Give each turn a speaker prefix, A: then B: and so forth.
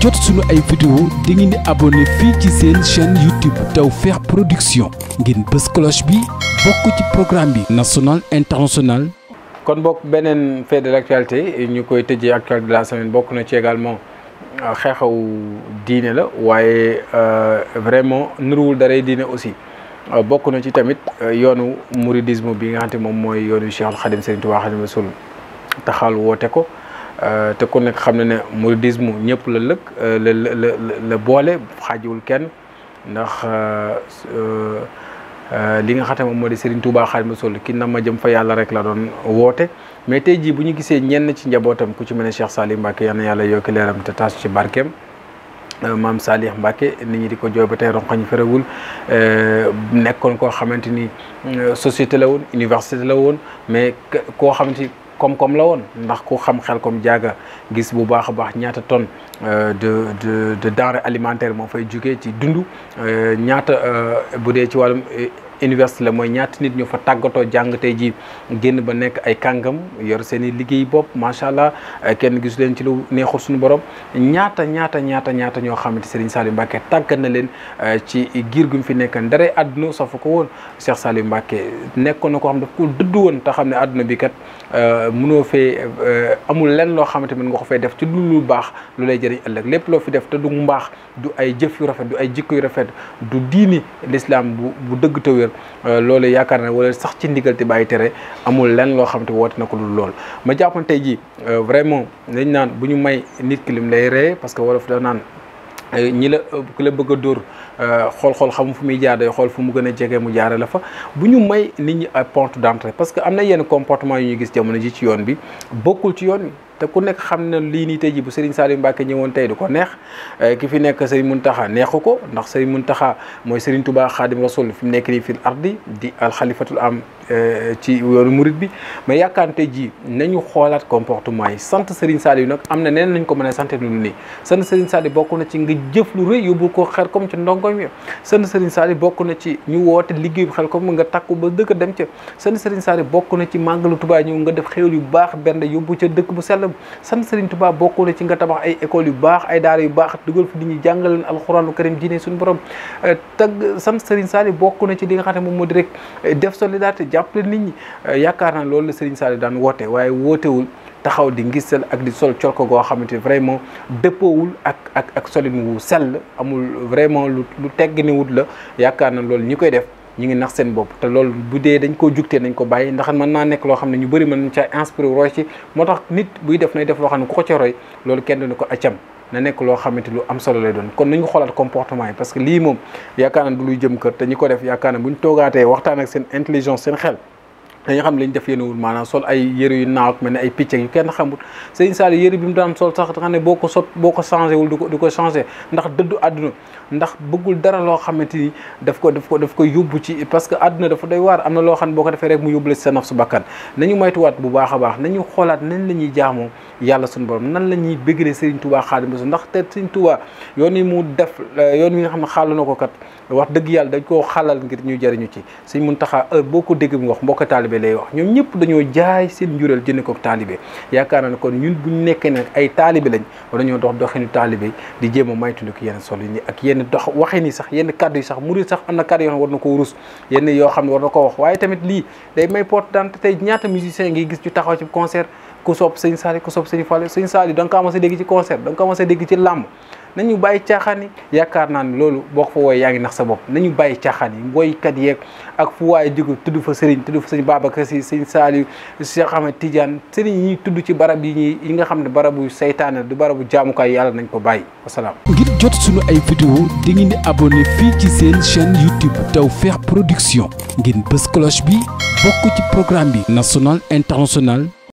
A: jot suñu ay vidéo da ngeen di abonné fii ci seen chaîne YouTube Tawfekh Production ngir bës cloche bi bokk ci programme bi national international kon bokk beneen fait de l'actualité ñu koy tëjee actualité de la semaine bokk na ci également euh, xeexaw diine la waaye euh, vraiment nuruwul daray diine aussi euh, bokk na ci tamit yoonu mouridisme bi nga xam te moom mooy yoonu Cheikhoul Khadim Serigne Touba Khadim Rasoul taxal woote ko Euh, te kon nekk xam na ne mouridisme ñëpp la lëkk euh, la la la boole xaajiwul kenn ndax euh, li nga xam ne moom moo di Serigne Touba Xaadimu Rasuul ki na ma jëm fa yàlla rek la doon woote mais te jii bu ñu gisee ñenn ci njabootam ku ci mel ne Cheikh Salih Mbacke yal na yàlla yokk leeram te taas ci barkeem maam Salih Mbacke nit ñi di ko jooy ba te ronkoñ ferewul nekkoon koo xamante ni la woon université la woon mais koo xamante koom-koom la woon ndax ku xam xel kom jaaga gis bu baax a baax ñaata tonne euh, de de de alimentaire moo fay jugee ci dund euh, ñaata euh, bu dee ci wàllum université la mooy ñaata nit ñoo fa tàggatoo jàng tey ji génn ba nekk ay kàngam yor seeni liggéey bopp macha allah eh, kenn gisu leen ci lu neexul suñu borom ñaata ñaata ñaata ñaata ñoo xamante Serigne Saliou Mbacké tàggat na leen eh, ci giir gu mu fi nekk ndaree àdduna safu ko woon Cheikh Saliou Mbacké nekkoon na ko xam daf ko dëdd woon te xam ne àdduna bi kat eh, mënoo fee amul lenn loo xamante mën nga ko fee def ci lu lu baax lu lay jëriñ ëllëg lépp loo fi def te du mbaax du ay jëf yu rafet du ay jikko yu rafet du diini l'islam bu bu dëgg te Euh, loolu yaakaar na wala sax ci ndigal te bàyyi tere amul lenn loo xam te woote na ko dul lool ma jàppoon tey jii euh, vraiment nañ naan bu ñu may nit ki lim lay ree parce que fu da naan euh, ñi la ku la bëgg a dóor xool xool xamu fu muy jaar day xool fu mu gën a jege mu jaare la fa bu ñu may nit ñi ay porte d'entrée parce que am na yenn comportement yu ñu gis jamono ji ci yoon bi bokkul ci yoon bi te ku nekk xam ne lii nii tey ji bu Serigne Saliou Mbacké ñëwoon tey du ko neex eh, ki fi nekk mun Mountakha neexu ko ndax Serigne Mountakha mooy Serigne Touba Khadim Rasoul fi mu nekk nii fil ardi di alxalifatul am Euh, ci yoonu murit bi mais yàkkaante ji nañu xoolaat comportement yi sant Serigne Saliou nag am na neen nañ ko mën a sante lu nii sant Serigne Saliou bokk na ci nga jëf lu rëy ko comme ci ndongoom ya sant Serigne Saliou bokk na ci ñu woote liggéey bu xel comme nga takku ba dëkk dem ca sant Serigne Saliou bokk na ci màggalu Tuubaa ñëw nga def xéwal yu baax benn yóbbu ca dëkk bu sell sant Serigne Touba bokk na ci nga tabax ay école yu baax ay daara yu baax dugal fi di ñuy jàngaleen alxuraanu karim diine suñu borom tag sant Serigne Saliou bokk na ci li nga xam ne moom moo di rek jàppale nit ñi euh, yaakaar naa loolu la Serigne Saliou daan woote waaye wootewul taxaw di ngisal ak di sol col goo xamante ni vraiment dëppoowul ak ak ak solin wu sell amul vraiment lu lu tegg ni wut la yaakaar na loolu ñi koy def ñi ngi nax seen bopp te loolu bu dee dañ koo jugtee nañ ko bàyyi ndax mën naa nekk loo xam ne ñu bëri mën nañ ca inspiré roy ci moo tax nit buy def nay def loo xam ne ku ko ca loolu kenn dina ko accam na nekk loo xamante lu am solo lay doon kon nañu xoolaat comportement yi parce que lii moom yaakaar naa du luy jëm kër te ñi ko def yaakaar naa bu ñu toogaatee waxtaan ak seen intelligence seen xel dañu xam lañ def yéenewul maanaam sol ay yëre yu naaw ak mel ne ay picc yu kenn xamul sëñ Sall yëre bi mu daan sol sax nga boo ko sot boo ko changé wul ko di ko changé ndax dëddu dara loo xamante ni daf ko daf ko daf ko yóbbu ci parce que àdduna dafa doy waar am na loo xam ne boo ko defee rek mu yóbbu la ci sa naf su bakkan nañu moytuwaat bu baax a baax nañu xoolaat nan la ñuy jaamoo yàlla suñu borom nan la ñuy bëggee Sëriñ Tuubaa Xaadimu Rasuul ndax te Sëriñ Tuubaa yoon yi mu def yoon wi nga xam ne xaalu na ko kat wax dëgg yàlla dañ koo xalal ngir ñu jëriñu ci Sëriñ Muntaxa boo ko dégg mu wax mbokk taali taalibe lay wax ñoom ñëpp dañoo jaay seen njureel jënd ko taalibe yaakaar naa ne kon ñun buñ nekkee nag ay taalibe lañ wala ñoo dox doxinu taalibe di jéem a maytandiku yenn sol yi ak yenn dox waxin yi sax yenn kàddu yi sax murid sax am na kàddu yoo xam ne war na koo rus yenn yoo xam ne war na koo wax waaye tamit lii day may porte d'identité tey ñaata musicien ngi gis ñu taxaw ci concert ku sopp sëñ Saliou ku sopp sëñ Fallou sëñ Saliou da nga ko commencé dégg ci concert da nga ko commencé dégg ci làmb nañu bàyyi caaxaan yaakaar naa ne loolu boo ko fa wooyee yaa ngi nax sa bopp nañu bàyyi caaxaan yi woykat yeeg ak fu waaye jóge tudd fa sëriñ tudd fa sëñ Babacar Si sëñ Saliou Cheikh Ahmed Tidiane sëriñ yi ñuy tudd ci barab yi ñuy yi nga xam ne barabu seytaane du barabu jaamukaay yàlla nañ ko bàyyi wasalaam ngir jot suñu ay vidéo di ngeen di abonné fii ci seen chaîne YouTube Tawfekh Production ngeen bës cloche bi bokk ci programme bi national international